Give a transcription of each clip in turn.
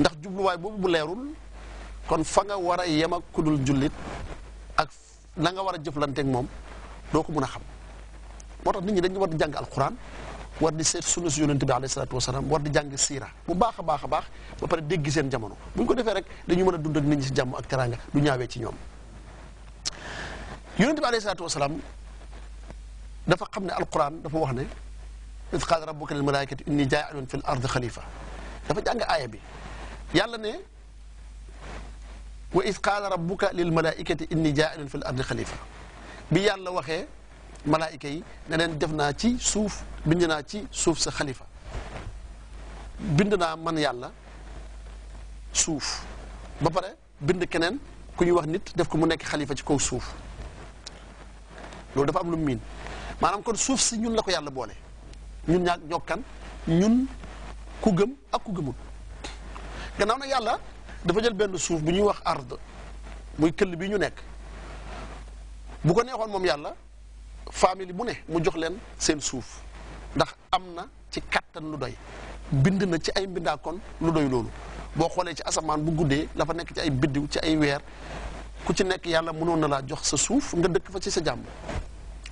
ndax jubluwaay boobu bu leerul kon fa nga war a yem ak kudul jullit ak na nga war a jëflanteek moom doo ko mën a xam moo tax nit ñi dañu war di jàng alquran war di seet sunu si yonente bi alayhi salaatu wasalaam war di jàng siira bu baax a baax a baax ba pare dégg seen jamono bu ñu ko defee rek dañu mën a dund ak nit ñi si jàmm ak teraanga du ñaawee ci ñoom yonente bi alayhi salaatu wasalaam dafa xam ne alquran dafa wax ne id qaala rabbuka lil malaikati jaay jaa'ilun fil ardi xalifa dafa jàng aaya bi yàlla ne wa is qaala rabbuka lil malaikati inni jaailun fi l ardi xalifa bi yàlla waxee malaayika yi ne leen def naa ci suuf bind naa ci suuf sa xalifa bind naa man yàlla suuf ba pare bind keneen ku ñuy wax nit def ko mu nekk xalifa ci kaw suuf loolu dafa am lu mu miin maanaam kon suuf si ñun la ko yàlla boole ñun ñaa ñokkan ñun ku gëm ak ku gëmul gannaaw nag yàlla dafa jël benn suuf bu ñuy wax ard muy këll bi ñu nekk bu ko neexoon moom yàlla famille bu ne mu jox leen seen suuf ndax am na ci kattan lu doy bind na ci ay mbindaa kon lu doy loolu boo xoolee ci asamaan bu guddee dafa nekk ci ay biddiw ci ay weer ku ci nekk yàlla mënoon na laa jox sa suuf nga dëkk fa ci sa jàmm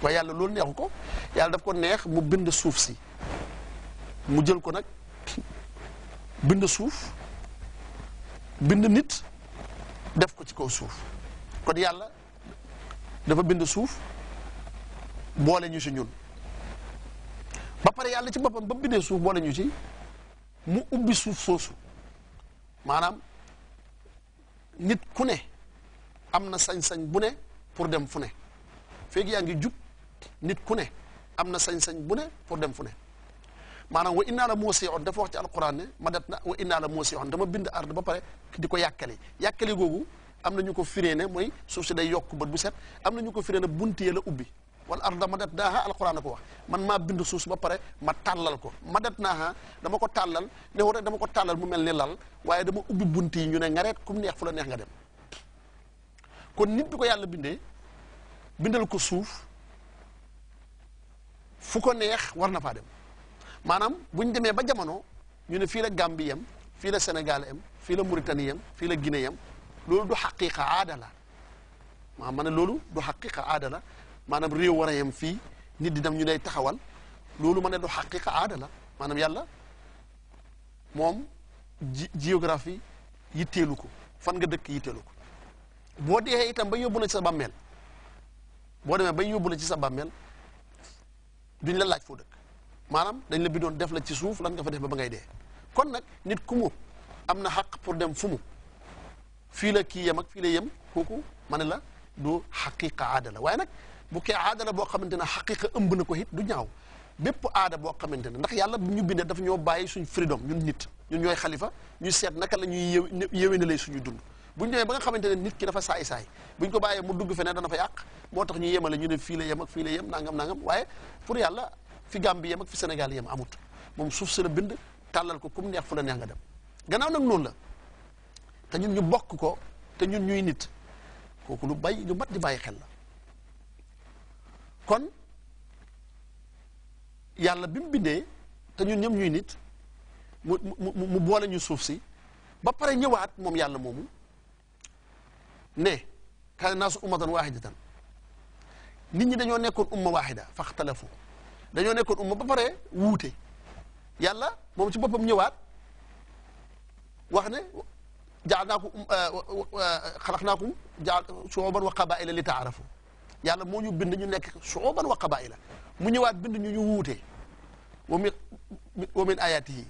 waaye yàlla loolu neexu ko yàlla daf ko neex mu bind suuf si mu jël ko nag bind suuf bind nit def ko ci kaw suuf kon yàlla dafa bind suuf boole ñu si ñun ba pare yàlla ci boppam ba bindee suuf boole ñu si mu ubbi suuf soosu maanaam nit ku ne am na sañ-sañ bu ne pour dem fu ne feeg yaa ngi jub nit ku ne am na sañ-sañ bu ne pour dem fu ne manam wa inna la muusi on dafa wax ci alquran ne madat na wa inna la muusi on dama bind ard ba pare diko yakali yakali gogou amna ñuko na ñu ne mooy suuf ci day yok bët bu set amna ñuko ñu ne ya la ubi wal arda madat naaha alquran ko wax man ma bind suuf ba pare ma talal ko madat naaha dama ko talal ne wara dama ko talal mu melni lal waye dama ubi bunti ñu ne ngaret kum neex fu la neex nga dem kon nit biko yalla bindé bindal ko suuf fu ko neex war na dem maanaam bu ñu demee ba jamono ñu ne fii la Gambie yem fii la Sénégal yem fii la Mauritanie yem fii la Guinée yem loolu du xaqiqa aada la maa ma ne loolu du xaqiqa maanaam réew war a fii nit di dem ñu ne taxawal loolu ma ne du xaqiqa aada la maanaam yàlla moom ji géographie yitteelu ko fan nga dëkk yitteelu ko boo dee itam ba yóbbu na ci sa bàmmeel boo demee ba yóbbu ci sa bàmmeel duñ la laaj foo dëkk maanaam dañ la doon def la ci suuf lan nga fa def ba ba ngay dee kon nag nit ku mu am na xaq pour dem fu mu fii la kii yem ak fii la yem kooku ma ne la du xaqiqa aada la waaye nag bu kee aada boo xamante ne xaqiqa ëmb na ko it du ñaaw bépp aada boo xamante ne ndax yàlla bu ñu bindee dafa ñoo bàyyi suñ freedom ñun nit ñun ñooy xalifa ñu seet naka la ñuy yew yéwénalee suñu dund bu ñu demee ba nga xamante ne nit ki dafa saay saay bu ko bàyyee mu dugg feneen dana fa yàq moo tax ñu la ñu ne fii la yem ak fii la yem nangam nangam waaye pour yàlla fi Gambie yem ak fi Sénégal yem amut moom suuf si la bind tàllal ko kum neex fu la neex nga dem gannaaw nag noonu la te ñun ñu bokk ko te ñun ñuy nit kooku lu bay lu mat di bàyyi xel la kon yàlla bi mu bindee te ñun ñoom ñuy nit mu mu mu boole ñu suuf si ba pare ñëwaat moom yàlla moomu ne kaana naasu ummatan waahidatan nit ñi dañoo nekkoon umma waahida faxtalafu dañoo nekkoon umma ba pare wuute yàlla moom ci boppam ñëwaat wax ne jaalnaakum uh, uh, uh, xalaqnaakum jaal shuuban wa qabaila li taarafu yàlla moo ñu bind ñu nekk shuuban wa qabaila mu ñëwaat bind ñu ñu wuute wa min wa min ayaatihi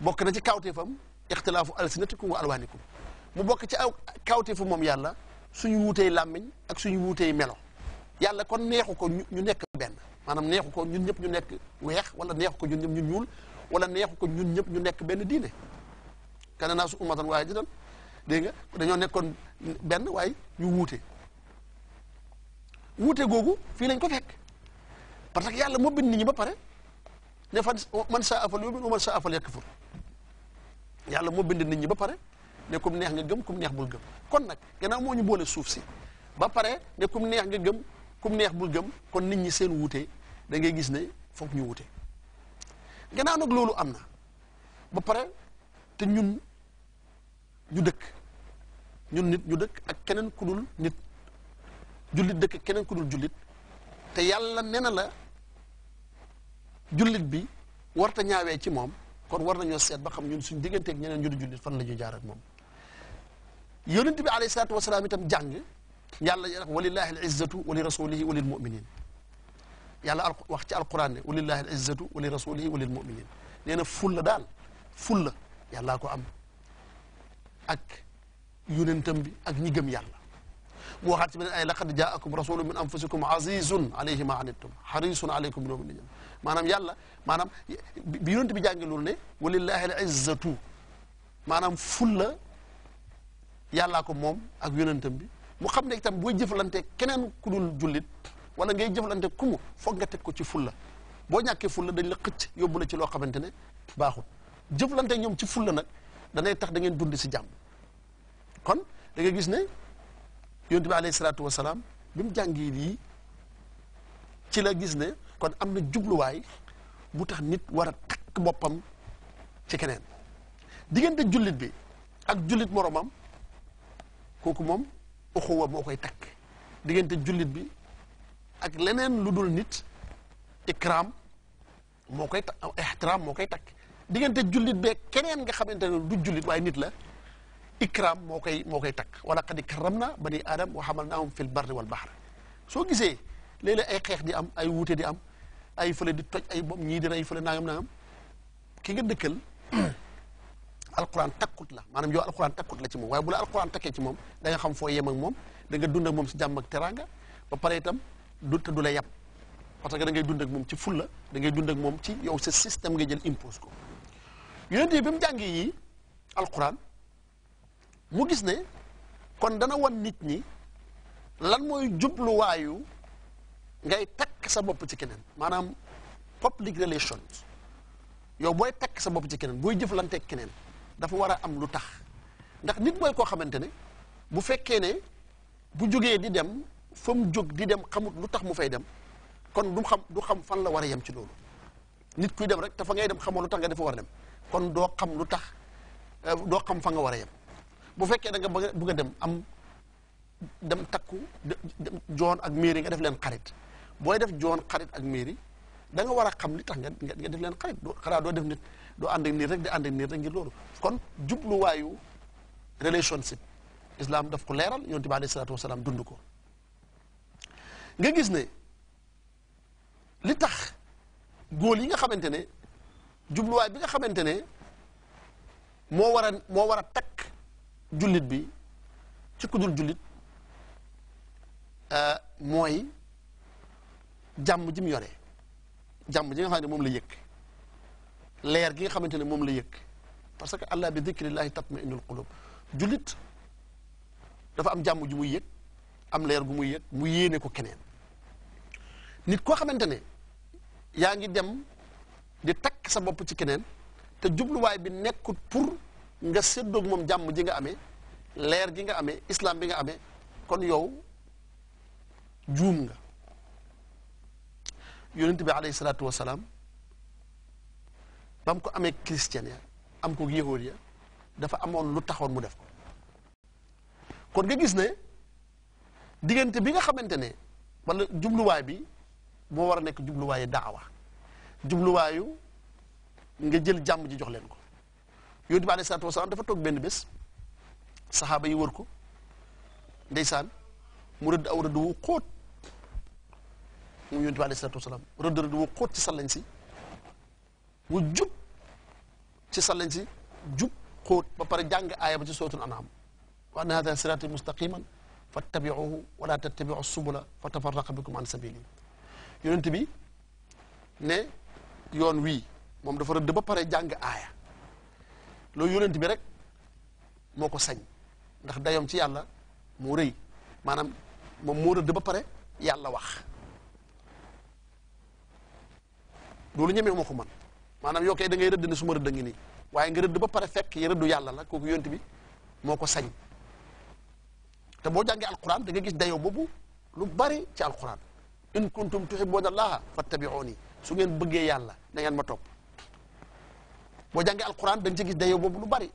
bokk na ci kawteefam ixtilaafu alsinatikum wa alwaanikum mu bokk ci aw kawteefu moom yàlla suñu wuutee làmmiñ ak suñu wuutee melo yàlla kon neexu ko ñu nekk benn maanaam neexu ko ñun ñëpp ñu nekk weex wala neexu ko ñun ñëpp ñu ñuul wala neexu ko ñun ñëpp ñu nekk benn diine kana naa su ummatan waahidatan dégg nga dañoo nekkoon benn waaye ñu wuute wuute googu fii lañ ko fekk parce que yàlla moo bind nit ñi ba pare ne fan man saa afal yu'min wa man saa afal yàlla moo bind nit ñi ba pare ne kum neex nga gëm kum neex bul gëm kon nag gannaaw moo ñu boole suuf si ba pare ne kum neex nga gëm kum neex bul gëm kon nit ñi seen wuute dangay gis ne foog ñu wute gannaaw nag loolu am na ba pare te ñun ñu dëkk ñun nit ñu dëkk ak keneen ku dul nit jullit dëkk ak keneen ku jullit te yàlla nee na la jullit bi warta ñaawee ci moom kon war nañoo seet ba xam ñun suñ digganteeg ñeneen ñu dul jullit fan la ñuy jaar ak moom yonent bi alayhi salaatu wasalaam tam jàng yàlla walillahi al izzatu wa li rasulihi wa lil muminin يالا واختي القران ولله العزه ولرسوله وللمؤمنين نينا فول دال فول يالا كو ام اك يونتم بي اك نيغم يالا مو خات من اي لقد جاءكم رسول من انفسكم عزيز عليه ما عنتم حريص عليكم بالمؤمنين مانام يالا مانام بي يونت بي جانغي لول ني ولله العزه مانام فول يالا كو موم اك يونتم بي مو خم نك تام بو جيفلانتي كنن كودول جوليت wala ngay jëflante ku mu foog nga teg ko ci fulla boo ñàkkee fulla dañ la xëcc yóbbu la ci loo xamante ne baaxul jëflante ñoom ci fulla nag danay tax dangeen ngeen dund si jàmm kon danga gis ne yonent bi salaatu wa salaam bi mu jàngee lii ci la gis ne kon am na jubluwaay bu tax nit war a takk boppam ci keneen diggante jullit bi ak jullit moromam kooku moom uxuwa moo koy takk diggante jullit bi ak leneen lu dul nit ikraam moo koy ixtiraam moo koy takk diggante jullit bee keneen nga xamante ne du jullit waaye nit la ikraam moo koy moo koy takk wala qad karramna bani aadam naa hamalnaahum fil barri wal bahr soo gisee léeg ay xeex di am ay wuute di am ay fële di toj ay bom ñii di rey fële nangam nangam ki nga dëkkal alquran takkut la maanaam yow alquran takkut la ci moom waaye bu la alquran takkee ci moom da nga xam foo yem ak moom da nga dund moom si jàmm ak ba pare itam du dula yap parce que da ngay dund ak mom ci la da ngay dund ak mom ci yow ce système nga jël impose ko yonent bi mu jangé yi alquran mu gis né kon dana wan nit ñi lan djublu wayu ngay takk sa bop ci kenen manam public relations yow boy tak sa bop ci keneen booy jëflanteeg kenen dafa wara am lutax ndax nit boy ko xamante ne bu fekkee né bu joggé di dem fa jóg di dem xamut lu tax mu fay dem kon du xam du xam fan la war a yem ci loolu nit kuy dem rek te fa ngay dem xamoo lu tax nga dafa war a dem kon doo xam lu tax euh, doo xam fa nga war a yem bu fekkee da nga bëgg a dem am dem takku dem joon ak mairie nga def leen xarit booy def joon xarit ak mairie da nga war a xam li tax nga nga def leen xarit doo xanaa doo def nit doo ànd ak nit rek di ànd ak nit rek ngir loolu kon jubluwaayu relationship islam daf ko leeral yonent bi alayhi salaatu wasalaam dund ko nga gis ne li tax góor yi nga xamante ne jubluwaay bi nga xamante ne moo war moo war a takk jullit bi ci kudul jullit euh, mooy jàmm ji mu yore jàmm ji nga xam ne moom la yëkk leer gi nga xamante ne moom la yëkk parce que allah bi dikrillahi tatma innul qulub jullit dafa am jàmm ju muy yëg am leer gu muy yëg mu yéene ko keneen nit ko xamantene Yang dem di takk sa bop ci kenen te way bi nekut pour nga séddoog mom jam ji nga amé lèr gi nga amé islam bi nga amé kon yow djum nga yunus bi alayhi salatu wa salam bam ko amé christian ya am ko yahood ya dafa amone lu taxone mu def ko kon nga gis ne diggante bi nga xamantene wala djublu way bi moo war a nekk jubluwaayu daawa jubluwaayu nga jël jàmm ji jox leen ko yonent bi alayhi salaatu wasalaam dafa toog benn bés saxaaba yi wër ko ndeysaan mu rëdd aw rëdd wu xóot moom yonent bi alayhi salaatu wasalaam rëdd rëdd wu xóot ci sallañ si wu jub ci sallañ si jub xóot ba pare jàng aaya ba ci sootul anaam wa anna haada siraati mustaqiman fattabiuhu wala tattabiu subula fa tafarraqa bikum an sabili yonent bi ne yoon wii moom dafa rëdd ba pare jàng aaya loolu yonent bi rek moo ko sañ ndax dayoom ci yàlla moo rëy maanaam moom moo rëdd ba pare yàlla wax loolu ñemee moo ko man maanaam yow kay da ngay rëdd ne su ma rëdd ngi nii waaye nga rëdd ba pare fekk ya rëddu yàlla la kooku yonent bi moo ko sañ te boo jàngee alquran da nga gis dayoo boobu lu bari ci alquran in kuntum tuhibbuuna allaha fattabi'uuni su ngeen bëggee yàlla na ngeen ma topp boo jàngee alquran da nga ci gis dayo boobu lu bari